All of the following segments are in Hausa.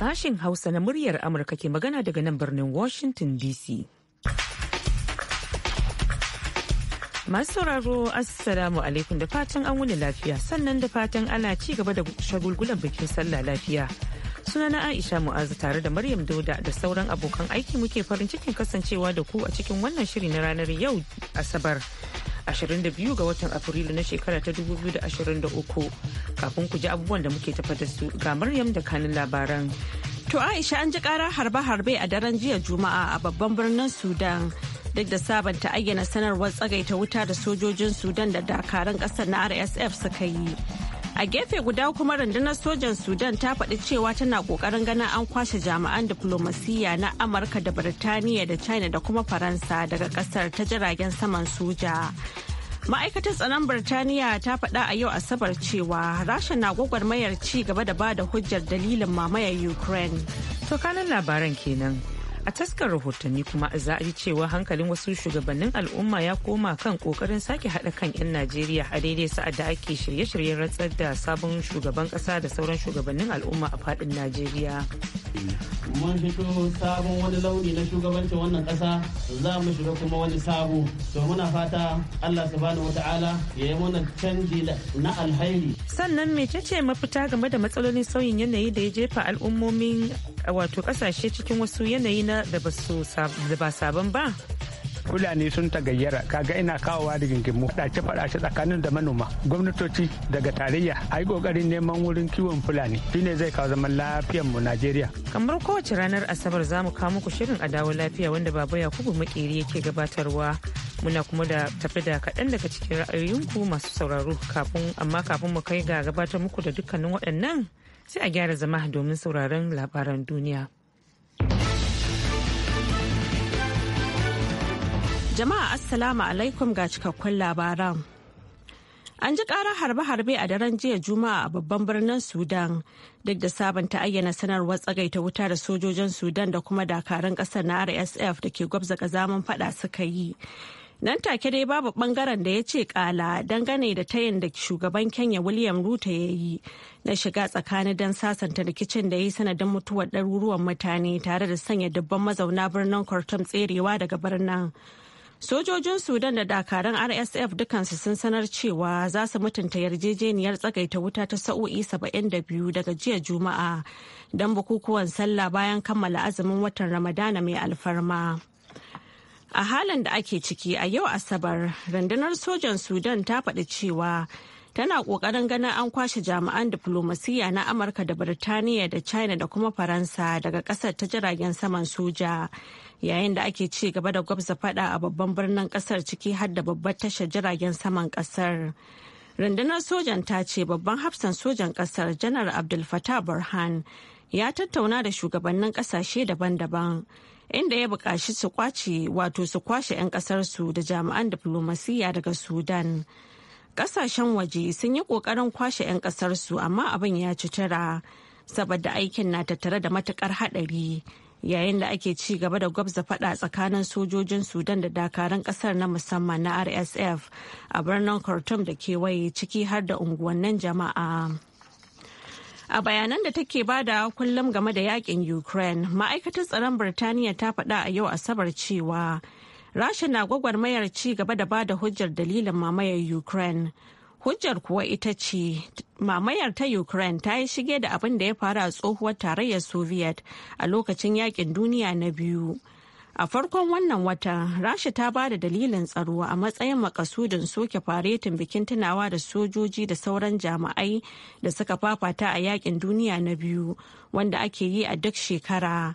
Sashin Hausa na muryar Amurka ke magana daga nan birnin Washington DC. Masu sauraro Assalamu alaikum da fatan an wuni lafiya sannan da fatan ana ci gaba da shagulgulan bikin sallah lafiya. suna na Aisha Mu'azu tare da Maryam doda da sauran abokan aiki muke farin cikin kasancewa da ku a cikin wannan shiri na ranar yau Asabar. 22 ga watan Afrilu na shekara ta 2023 kafin ku ji abubuwan da muke tafa da su ga Maryam da kanin labaran. To Aisha an ji karar harbe-harbe a daren jiya Juma'a a babban birnin Sudan. Duk da sabanta ayyana sanarwar tsagaita wuta da sojojin Sudan da dakarun ƙasar na RSF suka yi. a gefe guda kuma rundunar sojan sudan ta faɗi cewa tana ƙoƙarin ganin an kwashe jami'an diflomasiyya na amurka da birtaniya da china da kuma faransa daga ƙasar ta jiragen saman soja ma'aikatar tsaron birtaniya ta faɗa a yau asabar cewa rasha na gwagwarmayar ci gaba da ba da hujjar dalilin mamayar ukraine to kanan labaran kenan a taskar rahotanni kuma za a ji cewa hankalin wasu shugabannin al'umma ya koma kan kokarin sake haɗa kan 'yan najeriya a daidai sa'ad da ake shirye-shiryen rantsar da sabon shugaban ƙasa da sauran shugabannin al'umma a faɗin najeriya mun fito sabon wani launi na shugabancin wannan ƙasa za mu shiga kuma wani sabo to muna fata allah subhanahu ta'ala ya yi mana canji na alhairi sannan mecece mafita game da matsalolin sauyin yanayi da ya jefa al'ummomin wato kasashe cikin wasu yanayi na da ba sabon ba Fulani sun ta gayyara. kaga ina kawowa da gingimu faɗace faɗace tsakanin da manoma gwamnatoci daga tarayya a yi ƙoƙarin neman wurin kiwon Fulani shine zai kawo zaman lafiyar mu Najeriya. Kamar kowace ranar Asabar zamu kawo muku shirin adawa lafiya wanda Baba Yakubu Makeri yake gabatarwa. muna kuma da tafi da kaɗan daga cikin ra'ayoyinku masu sauraro kafin amma kafin mu kai ga gabatar muku da dukkanin waɗannan sai a gyara zama domin sauraron labaran duniya. Jama'a Assalamu alaikum ga cikakkun labaran. An ji ƙarar harbe-harbe a daren jiya Juma'a a babban birnin Sudan duk da sabon ta ayyana sanarwar tsagaita wuta da sojojin Sudan da kuma dakarun ƙasar na RSF da ke gwabza ƙazaman faɗa suka yi. nan take dai babu bangaren da ya ce kala dangane da tayin da shugaban kenya william ruto ya yi na shiga tsakanin don sasanta rikicin da ya yi sanadin mutuwar ɗaruruwan mutane tare da sanya dubban mazauna birnin khartoum tserewa daga birnin sojojin sudan da dakaran rsf dukansu sun sanar cewa za su mutunta yarjejeniyar tsagaita wuta ta sa'o'i saba'in da biyu daga jiya juma'a don bukukuwan sallah bayan kammala azumin watan ramadana mai alfarma. a halin da ake ciki a yau asabar rundunar sojan sudan ta faɗi cewa tana ƙoƙarin ganin an kwashe jami'an diflomasiyya na amurka da birtaniya da china da kuma faransa daga ƙasar ta jiragen saman soja yayin da ake ci gaba da gwabza faɗa a babban birnin ƙasar ciki har da babbar tashar jiragen saman ƙasar rundunar sojan ta ce babban hafsan sojan ƙasar janar abdulfatah burhan ya tattauna da shugabannin ƙasashe daban-daban inda ya buƙaci su kwace wato su kwashe 'yan ƙasarsu da jami'an diflomasiyya daga sudan ƙasashen waje sun yi ƙoƙarin kwashe 'yan ƙasarsu amma abin ya ci tara saboda aikin na tattare da matukar haɗari yayin da ake ci gaba da gwabza fada tsakanin sojojin sudan da dakarun kasar na musamman na rsf a birnin khartoum da kewaye ciki har da unguwannin jama'a A bayanan da take bada kullum game da yakin Ukraine, ma'aikatar tsaron Birtaniya ta faɗa a yau Asabar cewa Rasha na gwagwarmayar ci gaba da bada hujjar dalilin mamayar Ukraine. Hujjar kuwa ita ce mamayar ta Ukraine ta yi shige da abin da ya faru a tsohuwar tarayyar Soviet a lokacin yakin duniya na biyu. A farkon wannan wata, Rasha ta ba da dalilin tsaro a matsayin makasudin soke faretin bikin tunawa da sojoji da sauran jami'ai da suka fafata a yakin duniya na biyu wanda ake yi a duk shekara.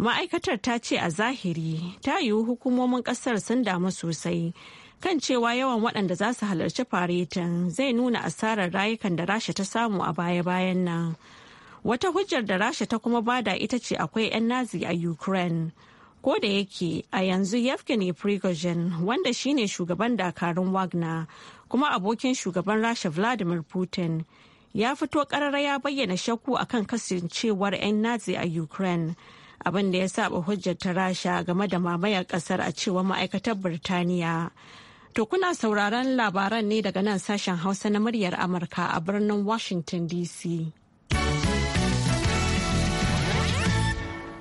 Ma'aikatar ta ce a zahiri ta yiwu hukumomin kasar sun damu sosai kan cewa yawan waɗanda za su halarci faretin zai nuna asarar rayukan da Rasha ta samu a baya-bayan nan. Wata hujjar da Rasha ta kuma bada ita ce akwai 'yan Nazi a Ukraine. ko da yake a yanzu yevgeny prigozhin wanda shine shugaban dakarun wagner kuma abokin shugaban rasha vladimir putin ya fito karara ya bayyana shakku akan kasancewar 'yan nazi a ukraine abin da ya saba hujjar ta rasha game da mamayar kasar a cewar ma'aikatar birtaniya to kuna sauraron labaran ne daga nan sashen hausa na muryar amurka a birnin washington dc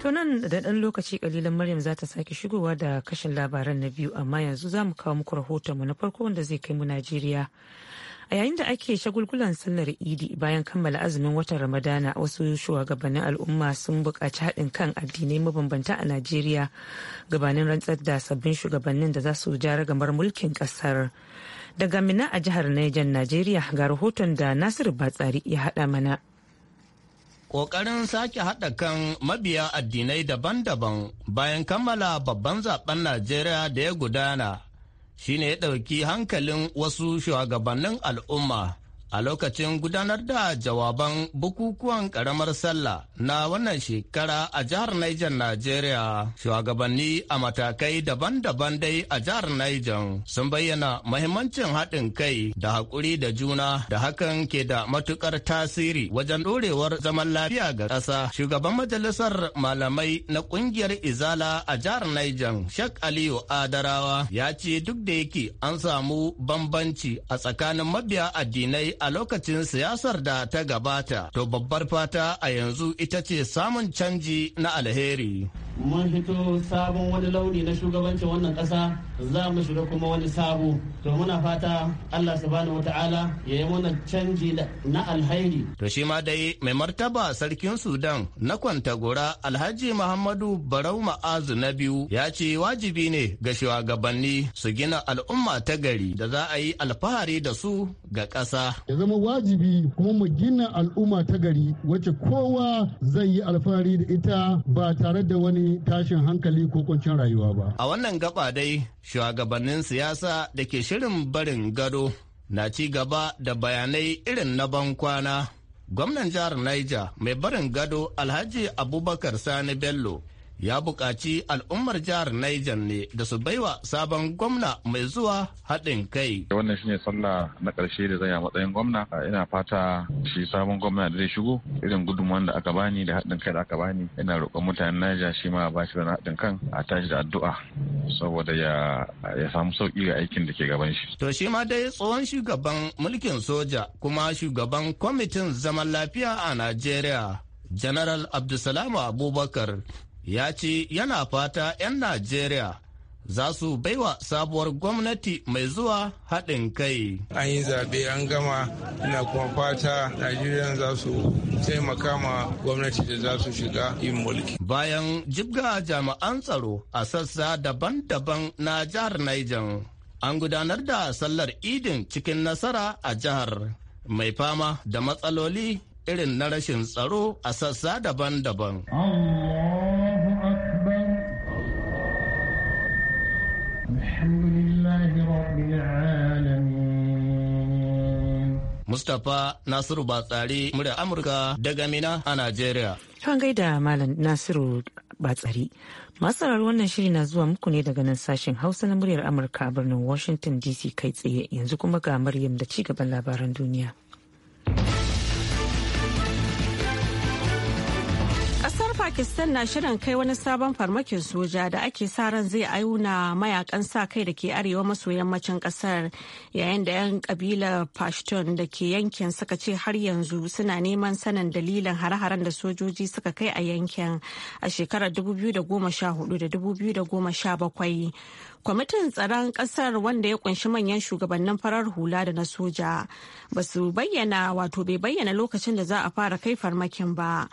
To nan da ɗan lokaci kalilan Maryam za ta sake shigowa da kashin labaran na biyu amma yanzu za mu kawo muku rahotonmu na farko wanda zai kai mu Najeriya. A yayin da ake shagulgulan sallar Idi bayan kammala azumin watan Ramadana wasu shugabannin al'umma sun buƙaci haɗin kan addinai mabambanta a Najeriya gabanin rantsar da sabbin shugabannin da za su ja ragamar mulkin ƙasar. Daga Mina a jihar Niger Najeriya ga rahoton da Nasiru Batsari ya haɗa mana. ƙoƙarin sake haɗa kan mabiya addinai daban-daban bayan kammala babban zaben Najeriya da ya gudana shine ya ɗauki hankalin wasu shugabannin al'umma a lokacin gudanar da jawaban bukukuwan karamar sallah na wannan shekara a jihar Niger Najeriya. Shugabanni a matakai daban-daban dai a jihar Niger sun bayyana mahimmancin haɗin kai da haƙuri da juna da hakan ke da matuƙar tasiri wajen ɗorewar zaman lafiya ga ƙasa. Shugaban majalisar malamai na ƙungiyar Izala a jihar Niger, Sheikh Aliyu Adarawa ya ce duk da yake an samu bambanci a tsakanin mabiya addinai a lokacin siyasar da ta gabata to babbar fata a yanzu ita ce samun canji na alheri mun fito sabon wani launi na shugabancin wannan ƙasa za mu shiga kuma wani sabo to muna fata Allah subhanahu wataala ya yi mana canji na alhairi to shi ma dai mai martaba sarkin Sudan na Kwantagora Alhaji Muhammadu Barau Ma'azu na biyu ya ce wajibi ne ga shugabanni su gina al'umma ta gari da za a yi alfahari da su ga ƙasa ya zama wajibi kuma mu gina al'umma ta gari wacce kowa zai yi alfahari da ita ba tare da wani tashin hankali ko kwancin rayuwa ba. A wannan gaba dai shugabannin siyasa da ke shirin barin gado na ci gaba da bayanai irin na ban kwana Gwamnan jihar Niger mai barin gado Alhaji Abubakar Sani Bello ya buƙaci al'ummar jihar Niger ne da su baiwa sabon gwamna mai zuwa haɗin kai. Eh, wannan shine sallah na ƙarshe da zai a matsayin gwamna. Ah, ina fata shi sabon gwamna da zai shigo irin gudunmuwan da aka bani da haɗin kai da aka bani. Ina roƙon mutanen Niger shi ma ba shi da haɗin kan a tashi da addu'a saboda ya samu sauƙi ga aikin da ke gaban shi. To shi ma dai tsohon shugaban mulkin soja kuma shugaban kwamitin zaman lafiya a Najeriya. General Abdulsalamu Abubakar ya ce yana fata 'yan Najeriya za su baiwa sabuwar gwamnati mai zuwa haɗin kai. An yi zaɓe an gama ina kuma fata Najeriya za su taimaka ma gwamnati da za su shiga yin mulki. Bayan jibga jami'an tsaro a sassa daban-daban na jihar Niger, an gudanar da sallar idin cikin nasara a jihar mai fama da matsaloli irin na rashin tsaro a sassa daban-daban. Mustapha Nasiru Batsari, murya Amurka daga Mina a Najeriya. Kan gaida Malam Nasiru Batsari. Masarar wannan shiri na zuwa muku ne daga nan sashen Hausa na muryar Amurka a birnin Washington DC kai tsaye yanzu kuma ga Maryam da ci gaban labaran duniya. Pakistan na shirin kai wani sabon farmakin soja da ake sa ran zai auna mayakan sa kai da ke arewa maso yammacin kasar yayin da 'yan kabilar Pashtun da ke yankin suka ce har yanzu suna neman sanin dalilin hare-haren da sojoji suka kai a yankin a shekarar 2014 da 2017. Kwamitin tsaron kasar wanda ya kunshi manyan shugabannin farar hula da na soja ba su bayyana wato bai bayyana lokacin da za a fara kai farmakin ba.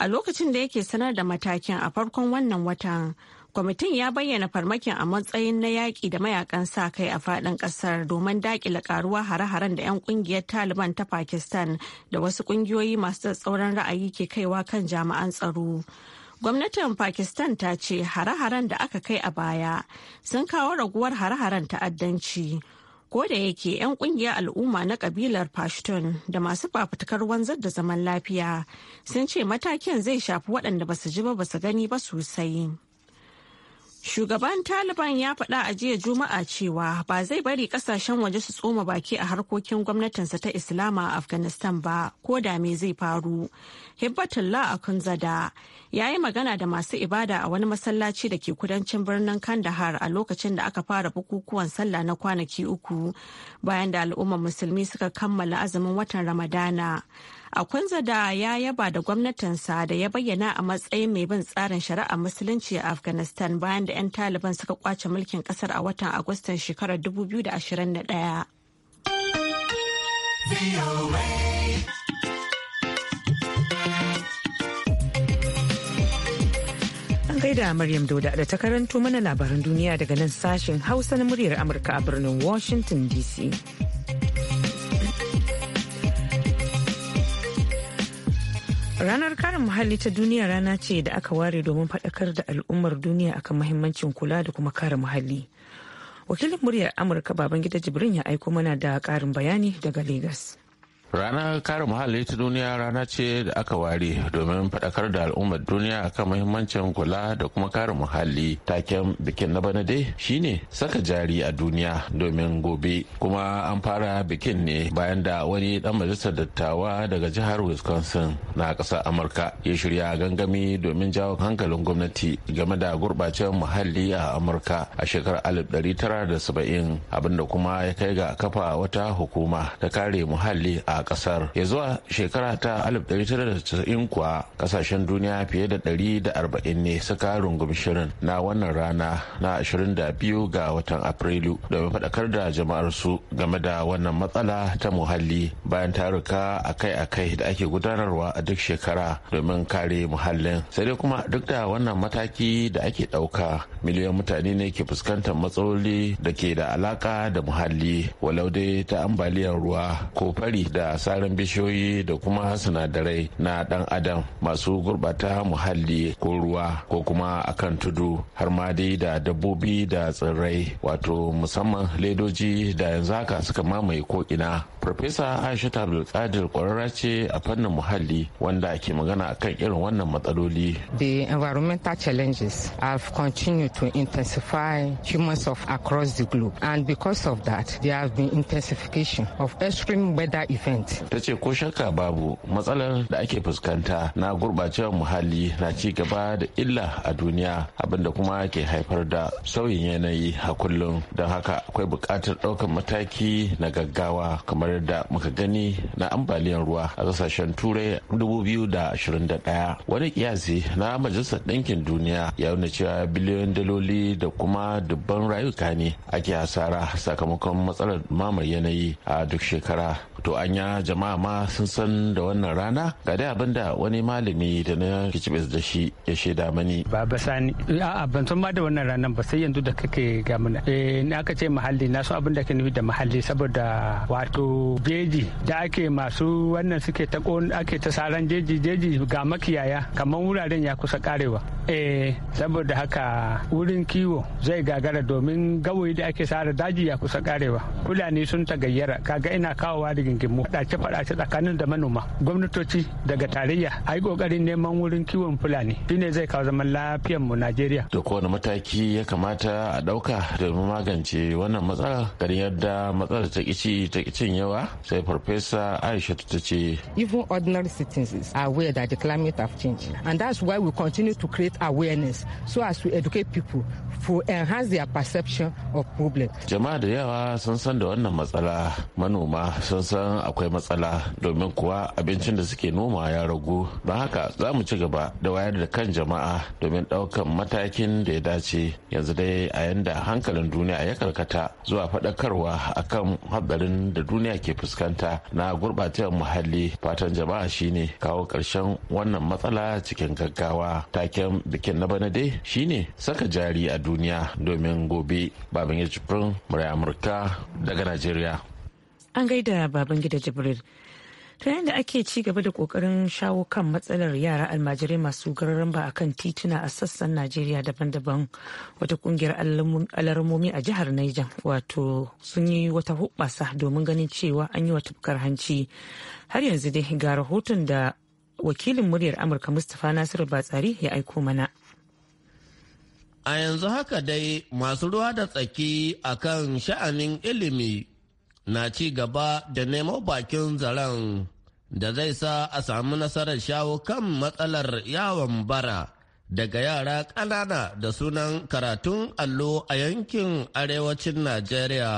a lokacin da yake sanar da matakin a farkon wannan watan kwamitin ya bayyana farmakin a matsayin na yaƙi da mayakan sa kai a faɗin ƙasar domin daƙile ƙaruwa hare-haren da 'yan ƙungiyar taliban ta pakistan da wasu ƙungiyoyi masu tsauran ra'ayi ke kaiwa kan jami'an tsaro gwamnatin pakistan ta ce hare-haren da aka kai a baya sun kawo raguwar hare-haren ta'addanci ko da yake 'yan kungiyar al'umma na kabilar pashtun da masu fafutukar wanzar da zaman lafiya sun ce matakin zai shafi waɗanda ba su ji ba su gani ba sosai. Shugaban Taliban ya faɗa a jiya Juma'a cewa ba zai bari kasashen waje su tsoma baki a harkokin gwamnatinsa ta Islama a Afghanistan ba, ko da me zai faru. Hibbatullah Akunzada ya yi magana da masu ibada a wani masallaci da ke kudancin birnin Kandahar a lokacin da aka fara bukukuwan sallah na kwanaki uku bayan da al'ummar musulmi suka kammala azumin watan Ramadana. a Akunza da ya yaba da gwamnatinsa da ya bayyana a matsayin mai bin tsarin shari'a musulunci a Afghanistan bayan da 'yan Taliban suka kwace mulkin kasar a watan Agustan shekarar 2021. An gaida Maryam Dauda da ta karanto mana labaran duniya daga nan sashen Hausa na muryar Amurka a birnin Washington DC. Ranar karin muhalli ta duniya rana ce da aka ware domin faɗakar da al'ummar duniya akan mahimmancin kula da kuma kare muhalli. Wakilin muryar Amurka Babangida Jibrin ya aiko mana da ƙarin bayani daga Legas. Ranar kare muhalli ta duniya rana ce da aka ware domin faɗakar da al'ummar duniya akan muhimmancin kula da kuma kare muhalli. Taken bikin na bana dai shine saka jari a duniya domin gobe kuma an fara bikin ne bayan da wani dan majalisar dattawa daga jihar Wisconsin na ƙasar Amurka ya shirya gangami domin jawo hankalin gwamnati game da gurɓacen muhalli a Amurka a shekarar 1970 abinda kuma ya kai ga kafa wata hukuma ta kare muhalli a a kasar ya zuwa shekara ta 1990 kuwa kasashen duniya fiye da 140 ne suka rungumi shirin na wannan rana na 22 ga watan afrilu domin faɗakar da jama'ar su game da wannan matsala ta muhalli bayan taruka akai-akai da ake gudanarwa a duk shekara domin kare muhallin sai dai kuma duk da wannan mataki da ake ɗauka miliyan mutane ne ke fuskantar matsaloli da ke da alaka da muhalli walau dai ta ambaliyar ruwa ko fari da asarar bishiyoyi da kuma sinadarai na dan adam masu gurbata muhalli ko ruwa ko kuma akan tudu har ma da dabbobi da tsirrai wato musamman ledoji da yanzu haka suka mamaye ko ina Farfesa Aisha Abdulkadir kwararra ce a fannin muhalli wanda ke magana a kan irin wannan matsaloli. The environmental challenges have continued to intensify humans of across the globe and because of that there have been intensification of extreme weather events. Ta ce ko shakka babu matsalar da ake fuskanta na gurbacewar muhalli na ci gaba da illa a duniya abinda kuma ke haifar da sauyin yanayi a kullum don haka akwai buƙatar ɗaukar mataki na gaggawa kamar kamar da muka gani na ambaliyar ruwa a kasashen turai 2021 wani kiyasi na majalisar ɗinkin duniya ya nuna cewa biliyoyin daloli da kuma dubban rayuka ne ake hasara sakamakon matsalar mamar yanayi a duk shekara to anya jama'a ma sun san da wannan rana ga dai abin da wani malami da na kicibis da shi ya shaida mani baba sani a'a ban san ma da wannan ranar ba sai yanzu da kake ga mana eh na aka ce muhalli na so abin da ke nufi da muhalli saboda wato jeji da ake masu wannan suke ta ake ta saran jeji jeji ga makiyaya kamar wuraren ya kusa karewa eh saboda haka wurin kiwo zai gagara domin gawayi da ake sare daji ya kusa karewa fulani sun ta gayyara kaga ina kawowa da gingimu fadace fadace tsakanin da manoma gwamnatoci daga tarayya a yi kokarin neman wurin kiwon fulani shine zai kawo zaman lafiyar mu najeriya to kowane mataki ya kamata a dauka domin magance wannan matsala garin yadda matsalar ta kici ta kicin yawa sai farfesa aisha ta ce even ordinary citizens are aware that the climate have changed and that's why we continue to create create awareness so as to educate people for enhance their perception of problem. Jama'a da yawa sun san da wannan matsala manoma sun san akwai matsala domin kuwa abincin da suke noma ya ragu don haka za mu ci gaba da wayar da kan jama'a domin ɗaukan matakin da ya dace yanzu dai a yanda hankalin duniya ya karkata zuwa faɗakarwa akan hatsarin da duniya ke fuskanta na gurɓacewar muhalli fatan jama'a shine kawo ƙarshen wannan matsala cikin gaggawa taken bikin na bana dai shine saka jari a duniya domin gobe baban ya jibrin murai amurka daga najeriya an gaida baban gida jibril ta yadda ake ci gaba da kokarin shawo kan matsalar yara almajirai masu gararan ba kan tituna a sassan najeriya daban-daban wata kungiyar alarmomi a jihar niger wato sun yi wata hubbasa domin ganin cewa an yi wa hanci har yanzu dai ga rahoton da wakilin muryar amurka mustapha nasiru batsari ya aiko mana a yanzu haka dai masu ruwa da tsaki a kan sha'anin ilimi na ci gaba da nemo bakin zaren da zai sa a samu nasarar shawo kan matsalar yawon bara daga yara ƙanana da sunan karatun allo a yankin arewacin najeriya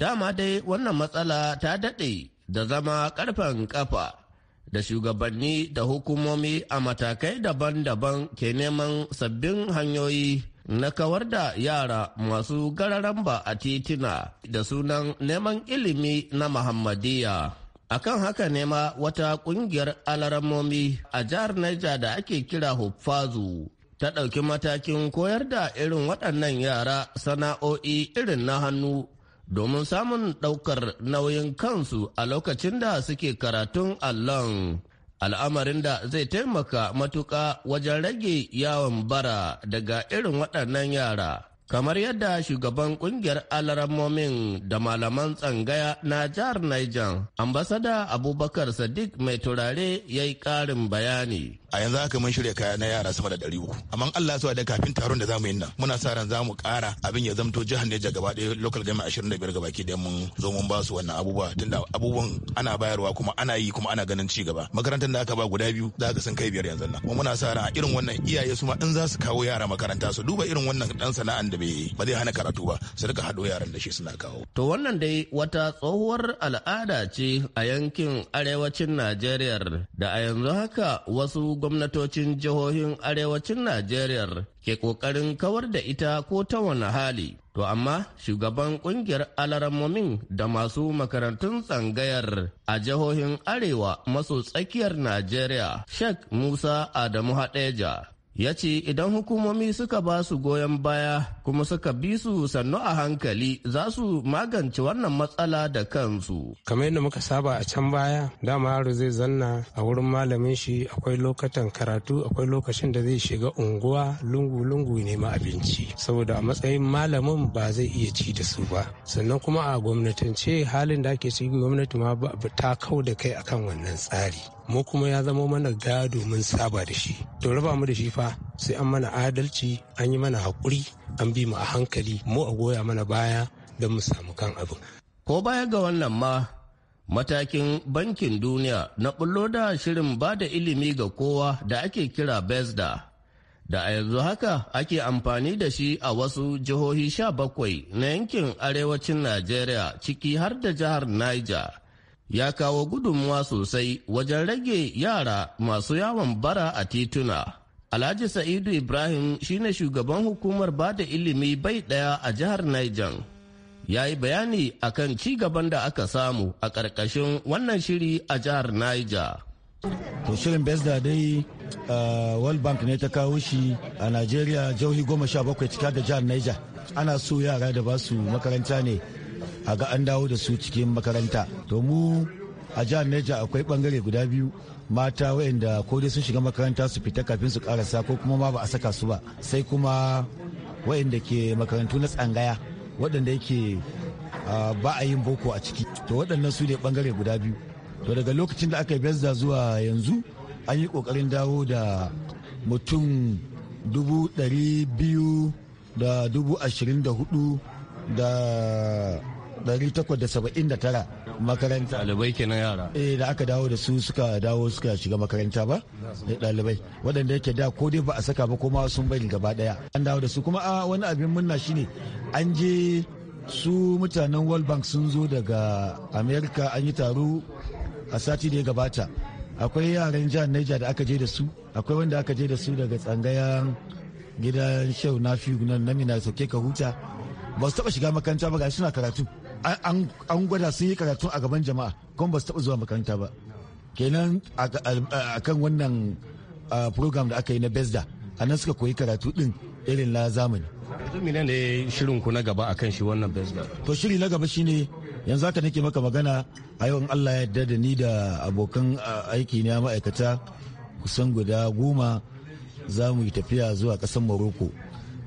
dama dai wannan matsala ta daɗe da zama ƙarfen ƙafa da shugabanni da hukumomi a matakai daban-daban ke neman sabbin hanyoyi na kawar da yara masu gararamba a titina da sunan neman ilimi na Muhammadiyya. akan haka ne ma wata kungiyar alaramomi a jihar Niger da ake kira Huffazu ta ɗauki matakin koyar da irin waɗannan yara sana'o'i irin na hannu domin samun ɗaukar nauyin kansu a lokacin da suke karatun allon al'amarin da zai taimaka matuƙa wajen rage yawon bara daga irin waɗannan yara kamar yadda shugaban kungiyar alaramomin da malaman tsangaya na jihar Niger, ambasada Abubakar Sadiq mai turare ya yi ƙarin bayani. a yanzu haka mun shirya kaya na yara sama da ɗari uku amma Allah zuwa da kafin taron da zamu yi nan muna sa ran zamu ƙara abin ya zamto jihar Neja gaba ɗaya local game ashirin da biyar gaba ki da mun zo mun ba su wannan abubuwa tunda abubuwan ana bayarwa kuma ana yi kuma ana ganin ci gaba makarantar da aka ba guda biyu za ka san kai biyar yanzu nan kuma muna sa ran irin wannan iyaye su ma in za su kawo yara makaranta su duba irin wannan dan sana'a da bai ba zai hana karatu ba su rika haɗo yaran da shi suna kawo. To wannan dai wata tsohuwar al'ada ce a yankin arewacin Najeriya da a yanzu haka wasu gwamnatocin jihohin arewacin Najeriya ke ƙoƙarin kawar da ita ko ta wani hali. To amma shugaban kungiyar alaramomin da masu makarantun tsangayar a jihohin Arewa maso tsakiyar Najeriya, Sheikh Musa Adamu Hadeja ya ce idan hukumomi suka ba su goyon baya kuma suka bi su sannu a hankali za su magance wannan matsala da kansu. kamar yadda muka saba a can baya dama yaro zai zanna a wurin malamin shi akwai lokatan karatu akwai lokacin da zai shiga unguwa lungu-lungu nema abinci saboda a matsayin malamin ba zai iya ci da su ba sannan kuma a gwamnatance halin da ake ci gwamnati ma ba ta kau da kai akan wannan tsari mu kuma ya zama mana gado mun saba da shi to raba mu da shi fa sai an mana adalci an yi mana haƙuri an bi mu a hankali mu a goya mana baya don mu samu kan abin ko baya ga wannan ma matakin bankin duniya na bullo da shirin ba da ilimi ga kowa da ake kira besda da a yanzu haka ake amfani da shi a wasu jihohi sha bakwai na yankin arewacin Najeriya ciki har da jihar Niger ya kawo gudunmuwa sosai wajen rage yara masu yawon bara a tituna. Alhaji Sa'idu Ibrahim shine shugaban hukumar bada ilimi bai ɗaya a jihar Niger. Ya yi bayani akan ci gaban da aka samu a ƙarƙashin wannan shiri a jihar Niger. to shirin dai uh, world bank ne ta kawo shi a Najeriya jauhi goma sha bakwai cika da jihar niger ana so yara da ba su makaranta ne a ga an dawo da su cikin makaranta to mu a jihar Neja akwai bangare guda biyu mata waɗanda ko dai sun shiga makaranta su fita kafin su karasa ko kuma ma ba a saka su ba sai kuma waɗanda ke makarantu na tsangaya waɗanda yake ba a yin boko a ciki to waɗannan su ne bangare guda biyu to daga lokacin da aka yi zuwa yanzu an yi ƙoƙarin dawo da mutum dubu ɗari biyu da dubu ashirin da hudu da 879 makaranta ɗalibai kenan yara eh da aka dawo da su suka dawo suka shiga makaranta ba dalibai eh, waɗanda yake da ko dai ba a saka ba kuma sun bari gaba ɗaya an dawo da su kuma a ah, wani abin murna shine an je su mutanen world bank sun zo daga america an yi taro a sati da ya gabata akwai yaran jihar niger da aka je da su akwai wanda aka je da su daga tsangayen gidan shehu na fiye na mina sauke ka huta ba su taba shiga makaranta ba ga suna karatu an gwada sun yi karatu a gaban jama'a kuma ba su taɓa zuwa makaranta ba kenan a kan wannan program da aka yi na besda a nan suka koyi karatu din irin na zamani ne shirin ku na gaba kan shi wannan besda to shiri na gaba shine yanzu haka nake maka magana a yau Allah ya yarda da ni da abokan aiki na ma'aikata kusan guda goma za mu yi tafiya zuwa ƙasar Morocco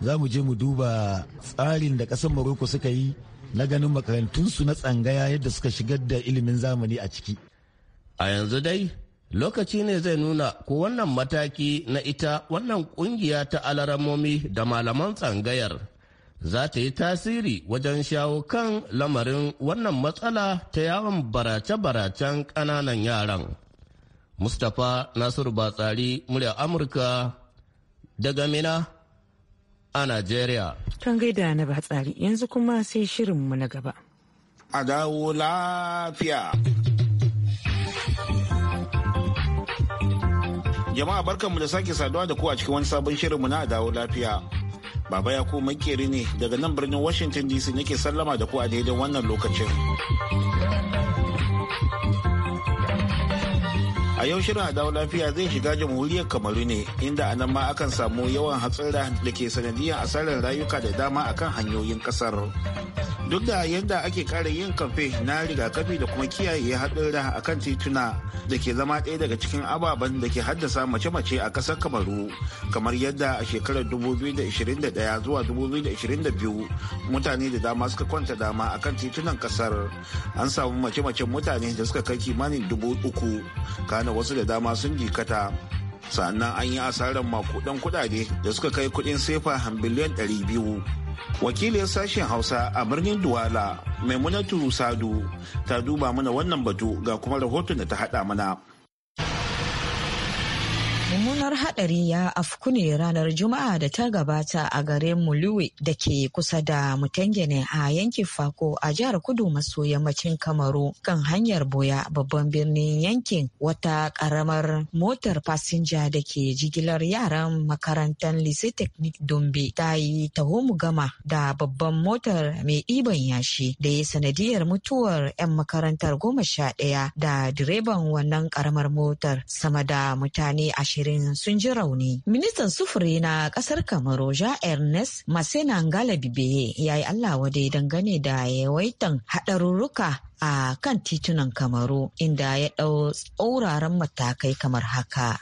za mu je mu duba tsarin da ƙasar Morocco suka yi na ganin makarantunsu na tsangaya yadda suka shigar da ilimin zamani a ciki. A yanzu dai lokaci ne zai nuna ko wannan mataki na ita wannan kungiya ta alaramomi da malaman tsangayar za ta yi tasiri wajen shawo kan lamarin wannan matsala ta yawon barace-baracen ƙananan yaran. Mustapha Nasiru Batsari, murya Amurka, daga Mina a Najeriya. Kan gaida na ba tsari yanzu kuma sai shirinmu na gaba. A dawo lafiya. Jama'a barkanmu da sake saduwa da ku a cikin wani sabon shirinmu na dawo lafiya. Baba ya ku makeri ne daga nan birnin Washington DC nake sallama da ku a daidai wannan lokacin. A yau shirin a lafiya zai shiga jamhuriyar Kamaru ne inda a nan ma akan samu yawan hatsara da ke sanadiyar asarar rayuka da dama akan hanyoyin kasar. Duk da yadda ake kara yin kamfe na rigakafi da kuma kiyaye haɗura kan tituna da ke zama ɗaya daga cikin ababen da ke haddasa mace-mace a ƙasar Kamaru kamar yadda a shekarar 2021 zuwa 2022 mutane da dama suka kwanta dama a kan titunan kasar an samu mace mace mutane da suka kai kimanin dubu wasu da dama sun jikata sannan an yi asarar makudan kudade da suka kai kudin sefa biliyan 200 wakilin sashen hausa a birnin duwala maimunatu sadu ta duba mana wannan batu ga kuma rahoton da ta hada mana mummunar haɗari ya afku ne ranar juma'a da ta gabata a garin muluwe da ke kusa da mutangene a yankin fako a jihar kudu maso yammacin kamaru kan hanyar boya babban birnin yankin wata ƙaramar motar fasinja da ke jigilar yaran makarantar Lise technique Dumbe ta yi tahomu gama da babban motar mai ɗiban yashi da ya sanadiyar mutuwar 'yan makarantar goma sha ɗaya da direban wannan karamar motar sama da mutane ashirin ashirin sun ji rauni. Ministan sufuri na kasar Kamaru Ja Ernest Masena Beye ya yi Allah wade dangane da yawaitan haɗarurruka a kan titunan Kamaru inda ya ɗau tsauraran matakai kamar haka.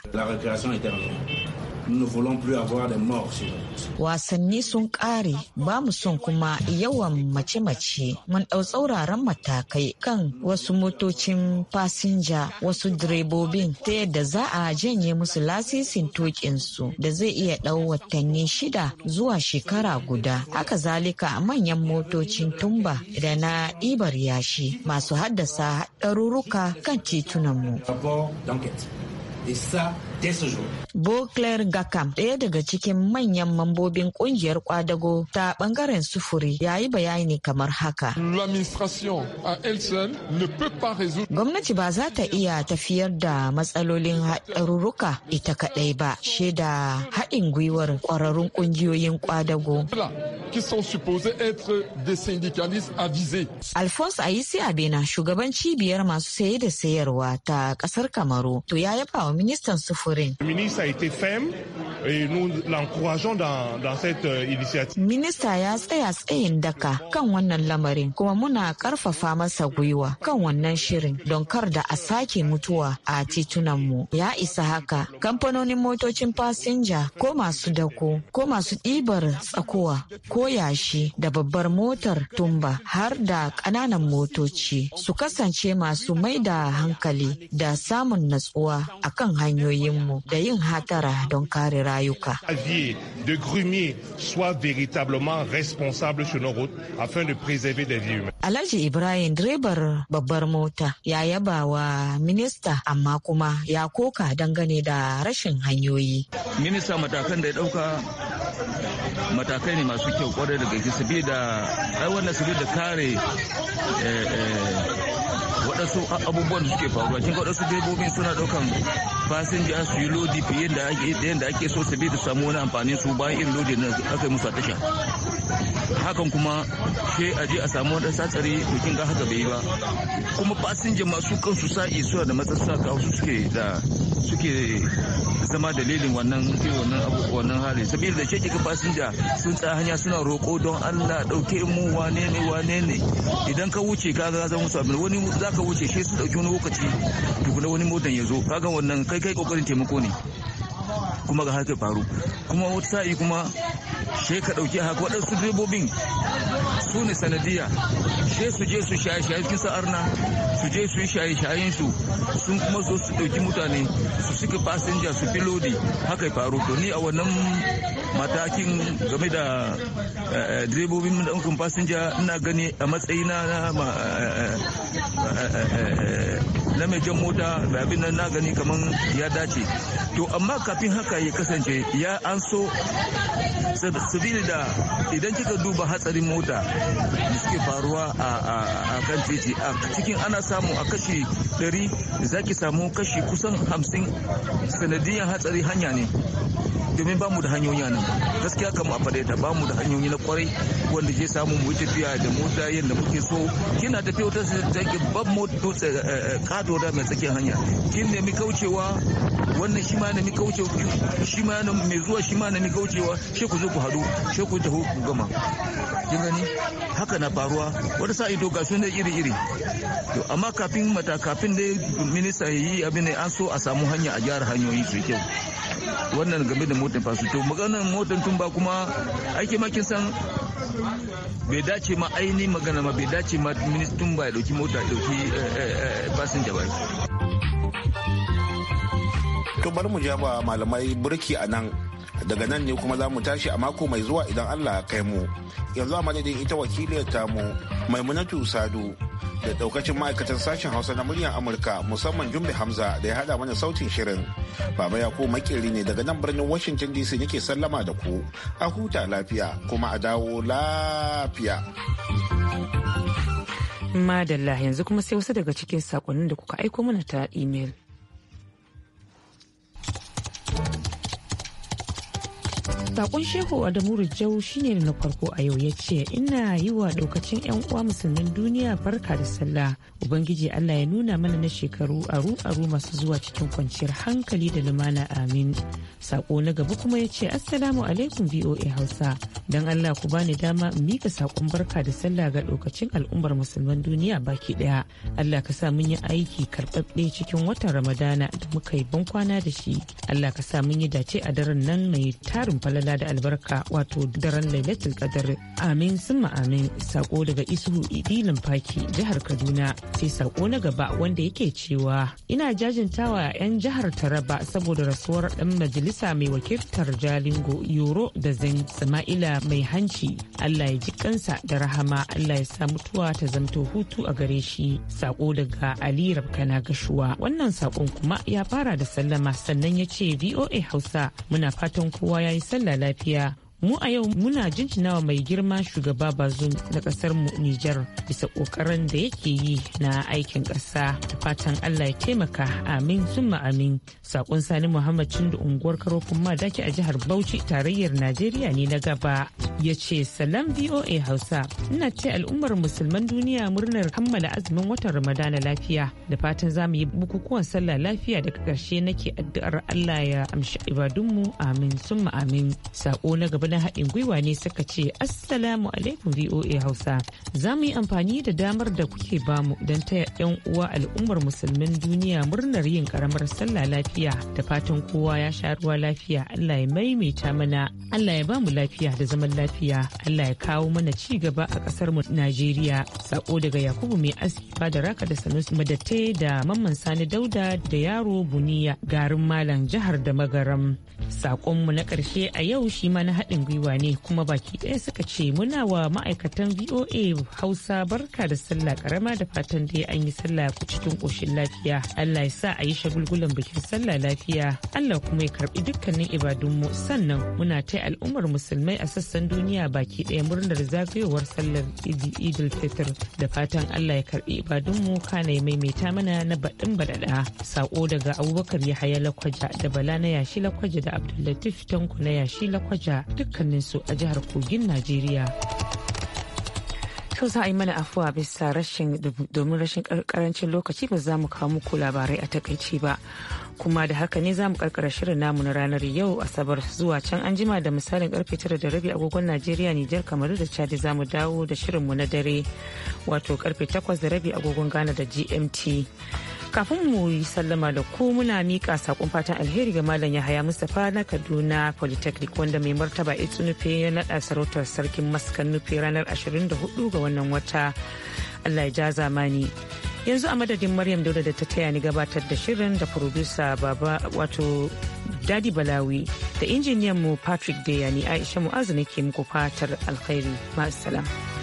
Wasanni sun kare, ba mu son kuma yawan mace-mace mun ɗau tsauraran matakai kan wasu motocin fasinja wasu direbobin ta yadda za a janye musu lasisin tokinsu da zai iya ɗau watanni shida zuwa shekara guda. Haka zalika manyan motocin tumba da na ibar yashi masu haddasa ɗaruruka kan titunanmu. dès Gakam, ɗaya daga cikin manyan mambobin ƙungiyar kwadago ta ɓangaren sufuri, ya yi bayani kamar haka. Gwamnati ba za ta iya tafiyar da matsalolin haɗarurruka ita kaɗai ba, shaida haɗin gwiwar ƙwararrun ƙungiyoyin kwadago. Alphonse Ayisi Abena, shugaban cibiyar masu saye da sayarwa ta ƙasar Kamaru, to ya yaba wa ministan sufuri wurin. Minista euh, ya tsaya tsayin daka kan wannan lamarin kuma muna karfafa masa gwiwa kan wannan shirin don kar da a sake mutuwa a titunan mu. Ya isa haka kamfanonin motocin fasinja ko masu dako ko masu ɗibar tsakowa ko yashi da babbar motar tumba har da ƙananan motoci su kasance masu mai da hankali da samun natsuwa a kan hanyoyinmu. mu da yin hatara don kare rayuka. Alhaji Ibrahim direbar babbar mota ya yaba wa minista amma kuma ya koka dangane da rashin hanyoyi. Minista matakan da ya dauka matakai ne masu kyau kwarai daga gaske sabida ai wannan sabida kare eh, eh, waɗansu abubuwan da suke faruwa kin ga waɗansu direbobin suna ɗaukan fasinja su yi lodi fiye da yadda ake so su bi da samu wani amfanin su bayan irin lodi na aka yi musu tasha hakan kuma sai a je a samu wani satsari to kin ga haka bai yi ba kuma fasinja masu kansu sa'i suna da matsatsa su suke da suke zama dalilin wannan wannan wannan hali saboda da sheki fasinja sun tsaya hanya suna roko don Allah dauke mu wane ne wane ne idan ka wuce ka ga zama musu abin wani za ka wuce shi su dauki wani lokaci tukuna wani motan ya zo kaga wannan kai kai kokarin taimako ne kuma ga haka faru kuma wata sa'i kuma shi ka dauki haka waɗansu direbobin su ne sanadiya sai su je su shaye shaye cikin sa'arna su je su yi shaye shayen su sun kuma zo su ɗauki mutane su suka fasinja su fi lodi haka faru to ni a wannan matakin game da eh, eh, direbobin ɗaukan fasinja ina gani a matsayina na eh, na mai jan mota da abin nan na gani kamar ya dace to amma kafin haka ya kasance ya an so sabili da idan kika duba hatsarin mota da suke faruwa a kan titi a cikin ana samu a kashi 100 zaki samu kashi kusan 50 sanadiyan hatsari hanya ne domin ba mu da hanyoyi a nan gaskiya kam a faɗe ta mu da hanyoyi na kwarai wanda zai samu mu tafiya da mota yadda muke so kina tafiya wata take ban mota eh, eh, kado da mai tsakiyar hanya kin nemi kaucewa wannan shi ma nemi kaucewa shi ma mai zuwa shi ma nemi kaucewa shi ku zo ku haɗu shi ku taho ku gama kin gani haka na faruwa wani sa ido ga su ne iri-iri to amma kafin mata kafin da minista ya yi abin an so a samu hanya a gyara hanyoyi su kyau wannan game da motar fasu to maganar motar tun ba kuma aiki makin san bai dace ma ainihin magana ma bai dace ma ministan ba ya dauki mota ya dauki eh, eh, eh, fasinja ba to bari mu ja ba malamai burki a nan daga nan ne kuma za mu tashi a mako mai zuwa idan allah kai mu yanzu a madadin ita wakiliyar mu maimunatu sadu da daukacin ma'aikatan sashen hausa na muryar amurka musamman jumbe hamza da ya hada mana sautin shirin baba ya makeri ne daga nan birnin washington dc nake sallama da ku a huta lafiya kuma a dawo lafiya madalla yanzu kuma sai wasu daga cikin sakonnin da kuka aiko mana ta imel. Sakon Shehu Adamu Rijau shine na farko a yau ya ce ina yi wa daukacin 'yan uwa musulmin duniya barka da sallah. Ubangiji Allah ya nuna mana na shekaru aru-aru masu zuwa cikin kwanciyar hankali da lumana amin. Sako na gaba kuma ya ce Assalamu alaikum VOA Hausa. Don Allah ku bani dama in mika sakon barka da sallah ga daukacin al'ummar musulman duniya baki ɗaya Allah ka sa mun yi aiki karɓaɓɓe cikin watan Ramadana da muka yi ban kwana da shi. Allah ka sa mun yi dace a daren nan mai tarin falala falala da albarka wato daren lailatul kadar amin summa amin sako daga isuhu idilin faki jihar kaduna sai sako na gaba wanda yake cewa ina jajintawa 'yan jihar taraba saboda rasuwar dan majalisa mai wakiltar jalingo yoro da zan sama'ila mai hanci allah ya ji kansa da rahama allah ya sa mutuwa ta zamto hutu a gare shi sako daga ali rabkana gashuwa wannan sakon kuma ya fara da sallama sannan ya ce voa hausa muna fatan kowa ya yi sallama huta lafiya. mu a yau muna jinjinawa mai girma shugaba bazum na kasar mu Nijar bisa kokarin da yake yi na aikin kasa da fatan Allah ya taimaka amin sun amin sakon sani Muhammad Chindu unguwar Karofin Madaki a jihar Bauchi tarayyar Najeriya ne na gaba ya ce salam VOA Hausa ina ce al'ummar musulman duniya murnar kammala azumin watan Ramadana lafiya da fatan za mu yi bukukuwan sallah lafiya daga ƙarshe nake addu'ar Allah ya amshi ibadunmu amin sun amin sako na gaba na haɗin gwiwa ne suka ce assalamu alaikum voa hausa za mu yi amfani da damar da kuke bamu don taya 'yan uwa al'ummar musulmin duniya murnar yin karamar sallah lafiya da fatan kowa ya sha ruwa lafiya allah ya maimaita mana allah ya bamu lafiya da zaman lafiya allah ya kawo mana ci gaba a ƙasar mu najeriya sako daga yakubu mai aski da raka da sanusi madatte da mamman sani dauda da yaro buniya garin malam jihar da magaram sakonmu na ƙarshe a yau shi ma na haɗin haɗin gwiwa ne kuma baki ɗaya suka ce muna wa ma'aikatan VOA Hausa barka da sallah karama da fatan dai an yi sallah ku cikin ƙoshin lafiya. Allah ya sa a yi shagulgulan bikin sallah lafiya. Allah kuma ya karɓi dukkanin ibadunmu sannan muna ta al'ummar musulmai a sassan duniya baki ɗaya murnar zagayowar sallar Idil Fitr da fatan Allah ya karɓi ibadunmu kana ya maimaita mana na baɗin baɗaɗa. Sako daga Abubakar Yahaya Lakwaja da Bala na yashi Lakwaja da Abdullatif Tanko na yashi Lakwaja dukkaninsu a jihar kogin najeriya sau za a yi mana afuwa bisa rashin domin rashin karancin lokaci ba za mu kawo muku labarai a takaici ba kuma da haka ne za mu karkara shirin namu na ranar yau asabar zuwa can an jima da misalin karfe tara da rabi agogon najeriya nijar kamar da chadi za mu dawo da shirin mu na dare wato karfe takwas da rabi agogon ghana da gmt kafin mu yi sallama da ku muna mika sakon fatan alheri ga malam yahaya mustapha na kaduna polytechnic wanda mai martaba itsu nufe ya nada sarautar sarkin maskan nufe ranar 24 ga wannan wata allah ya ja zamani yanzu a madadin maryam dauda da ta taya ni gabatar da shirin da producer baba wato dadi balawi da injiniyan mu patrick deyani aisha mu'azu nake muku fatar alkhairi ma'asalam.